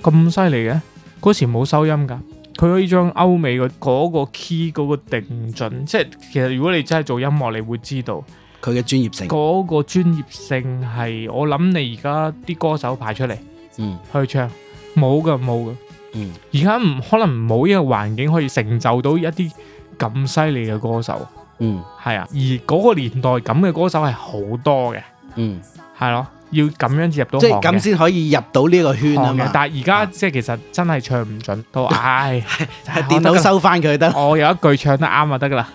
咁犀利嘅，嗰時冇收音噶。佢可以將歐美嘅嗰個 key 嗰個定準，即係其實如果你真係做音樂，你會知道佢嘅專業性。嗰個專業性係我諗你而家啲歌手排出嚟，嗯，去唱冇㗎冇㗎，嗯，而家唔可能冇一個環境可以成就到一啲咁犀利嘅歌手，嗯，係啊，而嗰個年代咁嘅歌手係好多嘅，嗯，係咯、啊。要咁樣入到，即係咁先可以入到呢個圈啊！但係而家即係其實真係唱唔準，都唉，係電腦收翻佢得。我有一句唱得啱啊，得噶啦。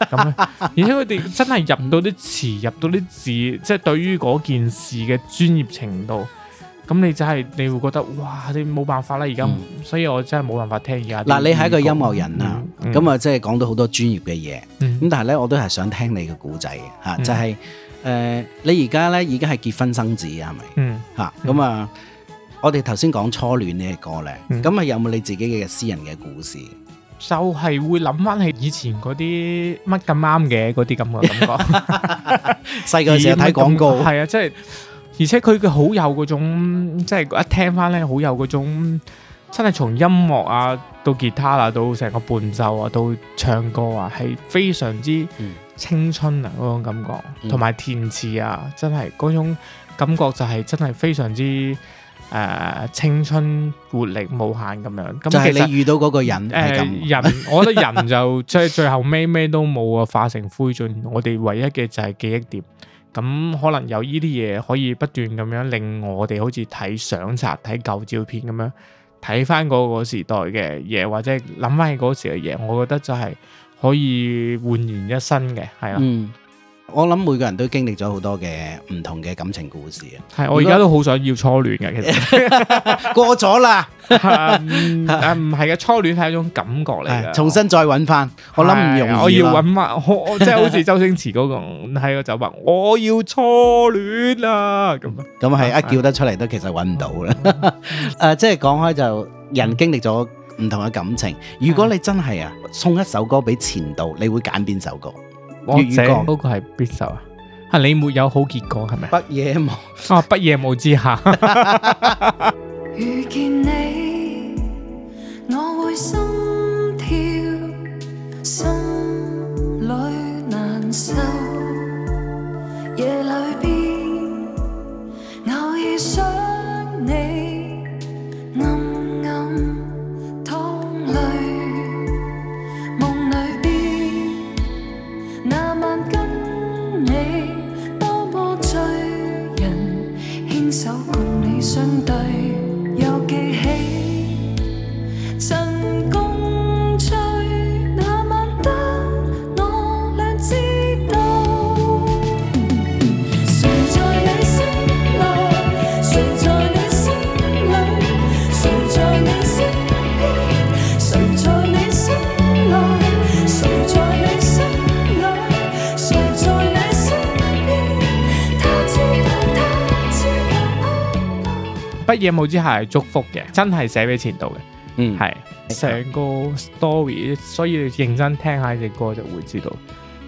而且佢哋真係入到啲詞，入到啲字，即係對於嗰件事嘅專業程度。咁你就係你會覺得哇！你冇辦法啦，而家，所以我真係冇辦法聽而家。嗱，你係一個音樂人啊，咁啊，真係講到好多專業嘅嘢。咁但係咧，我都係想聽你嘅故仔嚇，就係。誒、呃，你而家咧已經係結婚生子是是、嗯、啊，係咪、啊？嗯。吓，咁啊、嗯，我哋頭先講初戀呢個歌咧，咁啊有冇你自己嘅私人嘅故事？就係會諗翻起以前嗰啲乜咁啱嘅嗰啲咁嘅感覺。細個 時候睇廣告。係、欸、啊，即、就、係、是，而且佢佢好有嗰種，即、就、係、是、一聽翻咧好有嗰種。真係從音樂啊，到吉他啦、啊，到成個伴奏啊，到唱歌啊，係非常之青春啊嗰種感覺，同埋、嗯、填詞啊，真係嗰種感覺就係真係非常之誒、呃、青春活力無限咁樣。即係你遇到嗰個人、啊，誒、呃、人，我覺得人就即係 最後咩咩都冇啊，化成灰燼。我哋唯一嘅就係記憶點。咁可能有呢啲嘢可以不斷咁樣令我哋好似睇相冊、睇舊照片咁樣。睇翻嗰個時代嘅嘢，或者諗翻起嗰時嘅嘢，我覺得就係可以煥然一新嘅，係啊。嗯。我諗每個人都經歷咗好多嘅唔同嘅感情故事啊。係，我而家都好想要初戀嘅，其實 過咗了啦。誒、 um, uh,，唔係嘅，初戀係一種感覺嚟嘅。重新再搵翻，是我諗唔容易我要搵啊，即係好似、就是、周星馳嗰、那個，喺個酒吧，我要初戀啊咁啊。咁係一叫得出嚟都其實搵唔到啦。誒，即係講開就人經歷咗唔同嘅感情。如果你真係啊，送一首歌俾前度，你會揀邊首歌？粵語歌，嗰個係必受啊！ 啊，你沒有好結果係咪？不夜幕啊，不夜幕之下。北野武之夏係祝福嘅，真係寫俾前度嘅，係成、嗯、個 story，所以你認真聽下隻歌就會知道，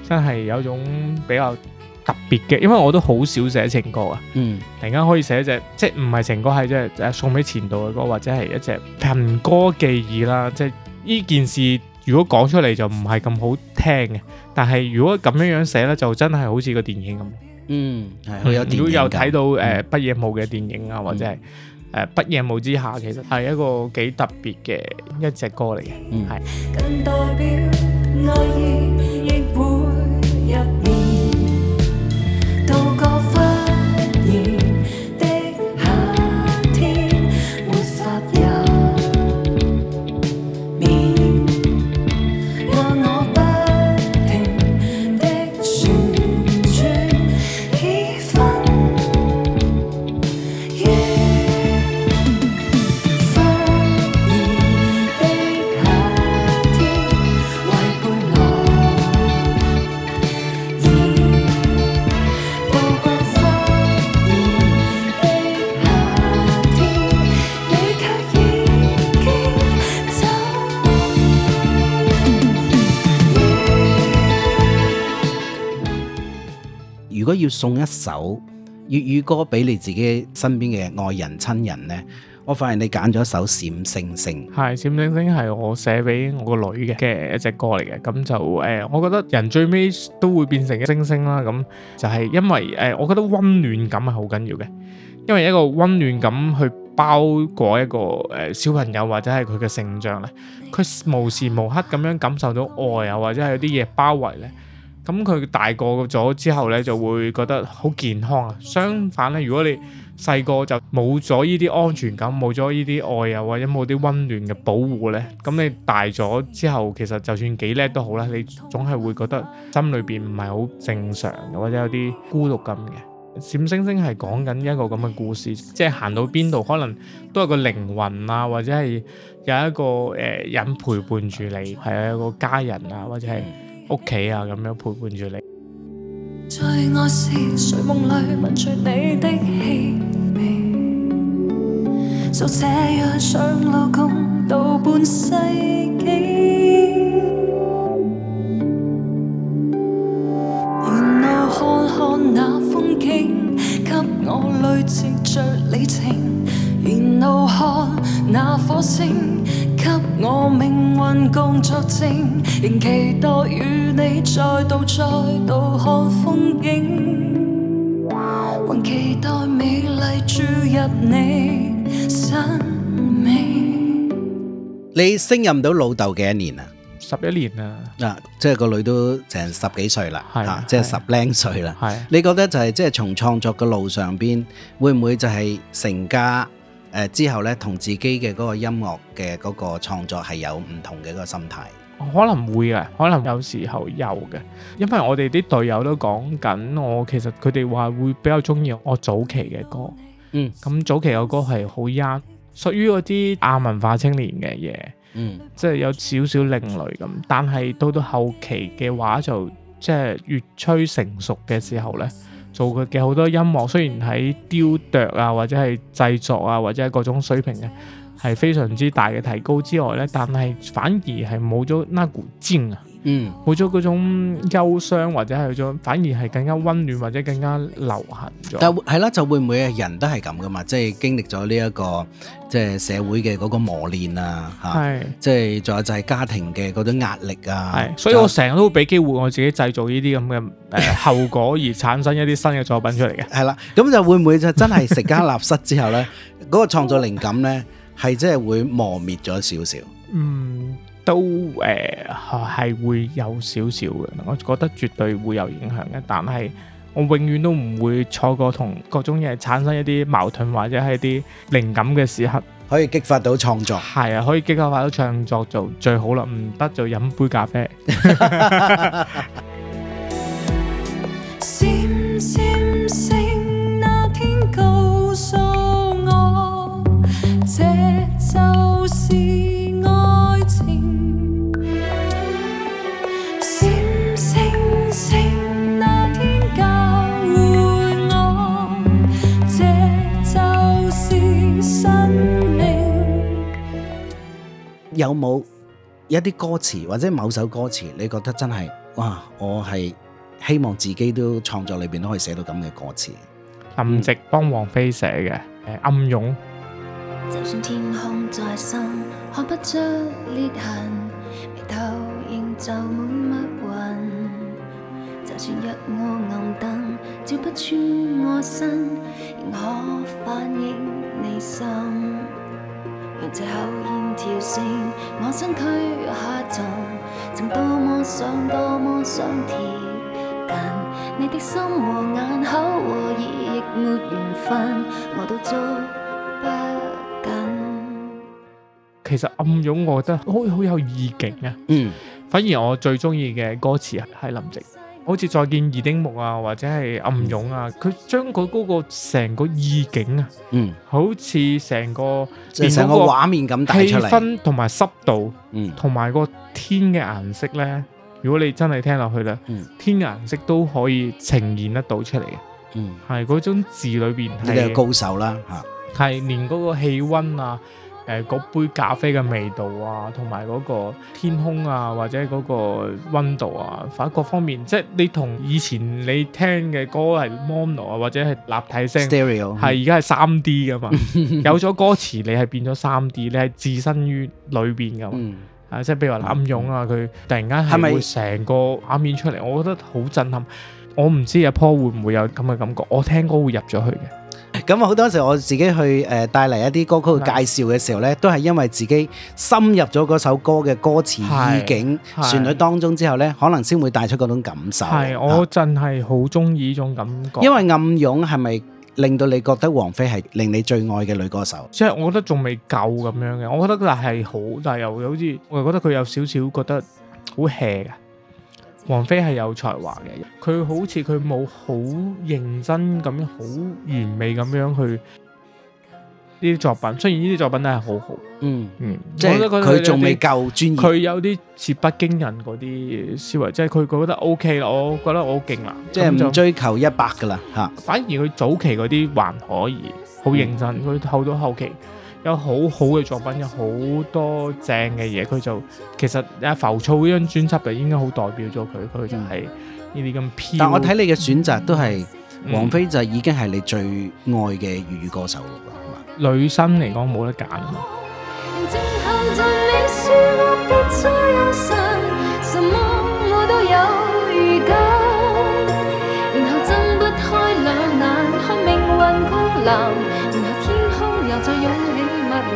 真係有種比較特別嘅，因為我都好少寫情歌啊，突然間可以寫隻即係唔係情歌，係、嗯、即係送俾前度嘅歌，或者係一隻憑歌記憶啦，即係呢件事如果講出嚟，就唔係咁好聽嘅，但係如果咁樣樣寫咧，就真係好似個電影咁，嗯係好有睇到誒北野武嘅電影啊、嗯，呃，或者係。嗯誒、呃、不夜無之下其實係一個幾特別嘅一隻歌嚟嘅，係。如果要送一首粵語歌俾你自己身邊嘅愛人親人咧，我發現你揀咗一首《閃星星》。係《閃星星》係我寫俾我個女嘅嘅一隻歌嚟嘅，咁就誒，我覺得人最尾都會變成一星星啦。咁就係因為誒，我覺得溫暖感係好緊要嘅，因為一個溫暖感去包裹一個誒小朋友或者係佢嘅成長咧，佢無時無刻咁樣感受到愛啊，或者係有啲嘢包圍咧。咁佢大個咗之後呢，就會覺得好健康啊。相反呢，如果你細個就冇咗呢啲安全感，冇咗呢啲愛啊，或者冇啲溫暖嘅保護呢，咁你大咗之後，其實就算幾叻都好啦，你總係會覺得心裏邊唔係好正常嘅，或者有啲孤獨感嘅。閃星星係講緊一個咁嘅故事，即係行到邊度，可能都係個靈魂啊，或者係有一個誒、呃、人陪伴住你，係啊，有一個家人啊，或者係。屋企啊，咁樣陪伴住你。給我命運共作證，仍期待與你再度再度看風景，Wow. 還期待美麗注入你生命。你升任到老豆幾多年啊？十一年啦，啊，即係個女都成十幾歲啦，吓的，即係十零歲啦。係的你覺得就係即係從創作嘅路上邊，會唔會就係成家？誒之後咧，同自己嘅嗰個音樂嘅嗰個創作係有唔同嘅一個心態，可能會嘅，可能有時候有嘅，因為我哋啲隊友都講緊，我其實佢哋話會比較中意我早期嘅歌，嗯，咁早期嘅歌係好 young，屬於嗰啲亞文化青年嘅嘢，嗯，即係有少少另類咁，但係到到後期嘅話就即係越趨成熟嘅時候呢，做佢嘅好多音樂，雖然喺雕琢啊，或者係製作啊，或者係各種水平啊，係非常之大嘅提高之外呢，但係反而係冇咗那股勁啊！嗯，冇咗嗰種憂傷或者係咁，反而係更加溫暖或者更加流行咗。但係係啦，就會唔會人都係咁噶嘛？即係經歷咗呢一個即係社會嘅嗰個磨練啊，係是、啊、即係仲有就係家庭嘅嗰種壓力啊。係，所以我成日都俾機會我自己製造呢啲咁嘅誒後果，而產生一啲新嘅作品出嚟嘅。係啦， 咁就會唔會就真係成家立室之後咧，嗰 個創作靈感咧係真係會磨滅咗少少。嗯。都誒，係會有少少嘅，我覺得絕對會有影響嘅。但係我永遠都唔會錯過同各種嘢產生一啲矛盾或者係一啲靈感嘅時刻，可以激發到創作。係啊，可以激發到創作就最好啦，唔得就飲杯咖啡。有冇一啲歌詞或者某首歌詞，你覺得真係哇？我係希望自己都創作裏邊都可以寫到咁嘅歌詞。林夕幫王菲寫嘅《暗湧》。就算天空再深，看不出裂痕，眉頭仍聚滿密雲，就算一屋暗燈，照不穿我身，仍可反映你心。讓這口煙跳升，我身軀下沉，曾多麼想，多麼想貼近，但你的心和眼、口和耳亦沒緣分，我都捉不緊。其實暗湧我覺得好好有意境啊，嗯，mm. 反而我最中意嘅歌詞係林夕。好似再見二丁目啊，或者係暗湧啊，佢將佢嗰個成個意境啊，好似成個變成個畫面咁大，氣氛同埋濕度，同埋個天嘅顏色咧。如果你真係聽落去咧，天嘅顏色都可以呈現得到出嚟嘅，係嗰種字裏邊。你係高手啦，吓係連嗰個氣温啊。誒嗰、呃、杯咖啡嘅味道啊，同埋嗰個天空啊，或者嗰個溫度啊，反各方面，即係你同以前你聽嘅歌係 mono 啊，或者係立體聲，Stereo，係而家係三 D 嘅嘛。 有咗歌詞，你係變咗三 D，你係置身於裏邊嘅嘛。 啊，即係譬如話暗湧啊，佢突然間係會成個畫面出嚟，係咪，我覺得好震撼。我唔知阿 Paul 會唔會有咁嘅感覺，我聽歌會入咗去嘅。咁啊，好多時我自己去誒，帶嚟一啲歌曲去介紹嘅時候呢，是都係因為自己深入咗嗰首歌嘅歌詞意境旋律當中之後呢，可能先會帶出嗰種感受。係，我真係好中意呢種感覺。因為暗湧係咪令到你覺得王菲係令你最愛嘅女歌手？即係我覺得仲未夠咁樣嘅，我覺得佢係好，但係又好似我又覺得佢有少少覺得好 hea。王菲係有才華嘅，佢好似佢冇好認真咁樣，好完美咁樣去呢啲作品。雖然呢啲作品都係好好，嗯嗯，嗯，即係我覺得佢仲未夠專業，佢有啲似北京人嗰啲思維，即係佢佢覺得 O K 啦，我覺得我好勁啦，即係唔追求一百噶啦嚇。就反而佢早期嗰啲還可以，好認真。佢、嗯嗯、後到後期。有好好嘅作品，有好多正嘅嘢，佢就其實阿浮躁呢張專輯就應該好代表咗佢，佢就係呢啲咁偏。但係我睇你嘅選擇都係王菲就已經係你最愛嘅粵語歌手啦，係嘛？女生嚟講冇得揀。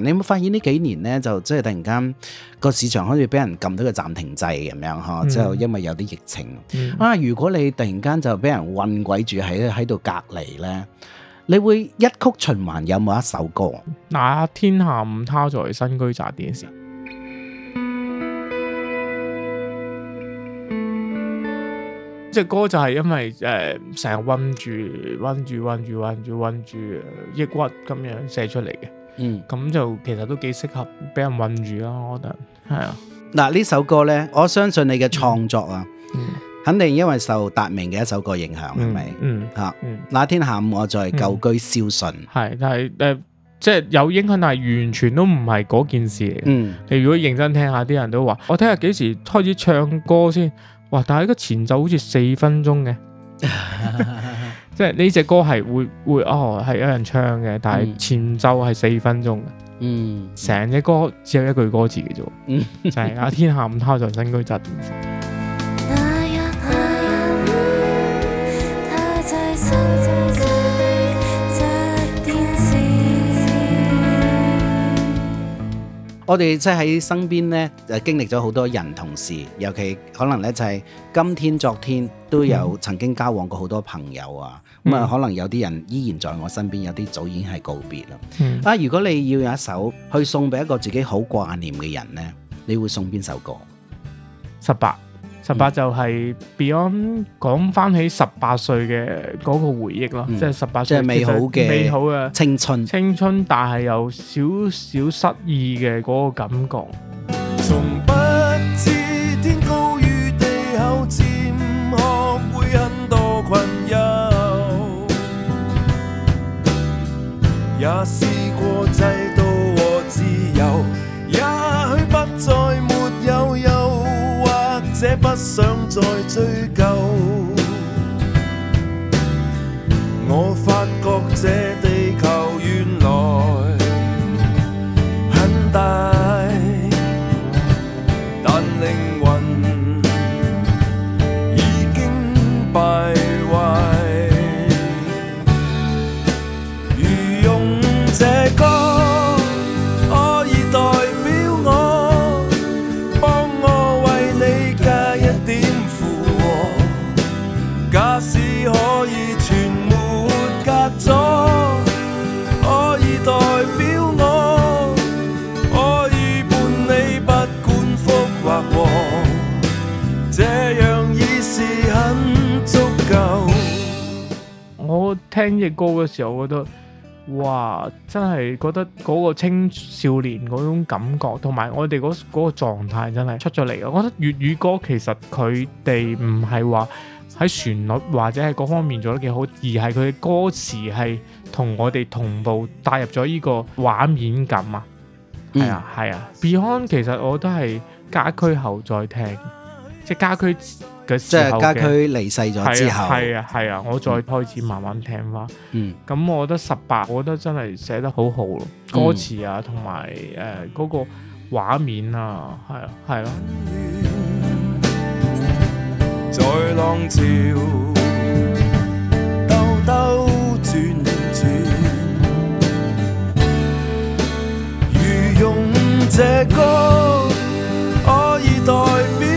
你有冇發現呢幾年呢？就即係突然間個市場好似俾人撳到個暫停掣咁、嗯、樣呵？之後因為有啲疫情、嗯、啊，如果你突然間就俾人困鬼住喺喺度隔離呢，你會一曲循環有冇一首歌？那天下午她在新居砸電視，即係歌就係因為誒成日困住困住困住困住困住抑鬱咁樣寫出嚟嘅。嗯，咁就其實都幾適合俾人韫住咯、啊，我覺得係啊。嗱呢首歌呢，我相信你嘅創作啊，嗯嗯、肯定因為受達明嘅一首歌影響，係咪、嗯？嗯，吓、嗯啊。那下午她在新居砸電視，係、嗯嗯，但係誒、呃，即係有影響，但係完全都唔係嗰件事嚟。嗯，你如果認真聽下，啲人都話，我睇下幾時開始唱歌先？哇！但係呢個前奏好似四分鐘嘅。 即係呢隻歌係會會哦係有人唱嘅，但係前奏係四分鐘嘅，嗯，成隻歌只有一句歌詞嘅啫，嗯， 就係啊天下午她在新居砸電視。我哋即喺身邊呢，就經歷咗好多人同事，尤其可能呢，就係今天、昨天都有曾經交往過好多朋友啊。咁啊、嗯，可能有啲人依然在我身邊，有啲早已經係告別啦。啊、嗯，如果你要有一首去送俾一個自己好掛念嘅人呢，你會送邊首歌？十八。十八就係 Beyond 講翻起十八歲嘅嗰個回憶咯，嗯、即係十八歲美好嘅美好嘅青春，青春但係有少少失意嘅嗰個感覺。不想再追究， 我發覺這聽呢隻歌嘅時候，我覺得哇，真係覺得嗰個青少年嗰種感覺，同埋我哋嗰嗰個狀態，那個，真係出咗嚟啊！我覺得粵語歌其實佢哋唔係話喺旋律或者係各方面做得幾好，而係佢嘅歌詞係同我哋同步帶入咗呢個畫面感啊！係、嗯、啊係啊，Beyond 其實我都係家駒後再聽，即係家駒。即係家駒離世咗之後，係 啊係啊，啊，啊，我再開始慢慢聽翻。嗯、咁、嗯、我覺得十八，我覺得真係寫得好好咯，嗯、歌詞啊，同埋誒嗰個畫面啊，係啊係咯。在、啊嗯、浪潮兜兜轉轉，如用這歌可以代表。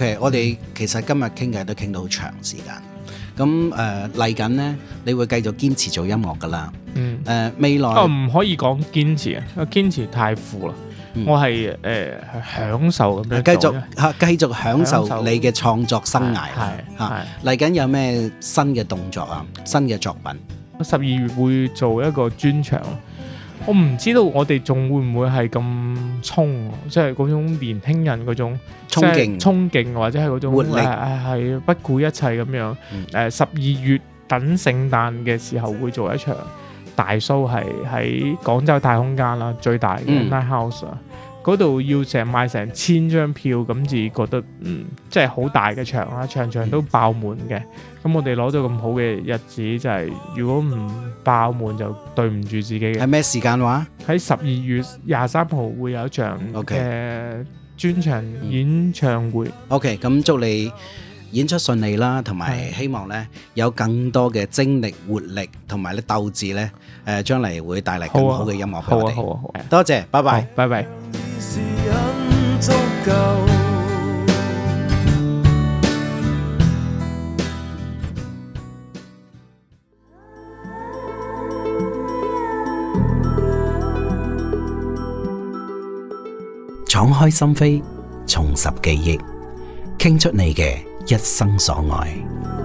OK，我哋其實今日傾偈都傾到好長時間，咁誒嚟緊咧，你會繼續堅持做音樂噶啦。嗯，誒、呃、未來我唔可以講堅持啊，堅持太苦啦。嗯、我係誒、呃、享受咁樣繼續嚇、啊，繼續享受你嘅創作生涯。係嚇，嚟緊有咩新嘅動作啊？新嘅作品十二月會做一個專場。我唔知道我哋仲會唔會係咁衝，即係嗰種年輕人嗰種衝勁、衝勁憬或者係嗰種係力、哎哎、不顧一切咁樣。誒、嗯，十二、呃、月等聖誕嘅時候會做一場大 show，係喺廣州大空間啦，最大嘅 night house 啊！嗯嗰度要成賣成千張票，咁至覺得嗯，即係好大嘅場啦，場場都爆滿嘅。咁我哋攞到咁好嘅日子，就係、是、如果唔爆滿就對唔住自己嘅。係咩時間話？喺十二月廿三號會有一場誒 Okay.、呃、專場演唱會。OK，咁祝你演出順利啦，同埋希望呢的有更多嘅精力、活力同埋咧鬥志呢，誒、呃、將嚟會帶嚟更好嘅音樂俾我哋好、啊、好，、啊好，啊好，啊好啊、多謝，拜拜，拜拜。敞開心扉，重拾記憶，傾出你嘅一生所愛。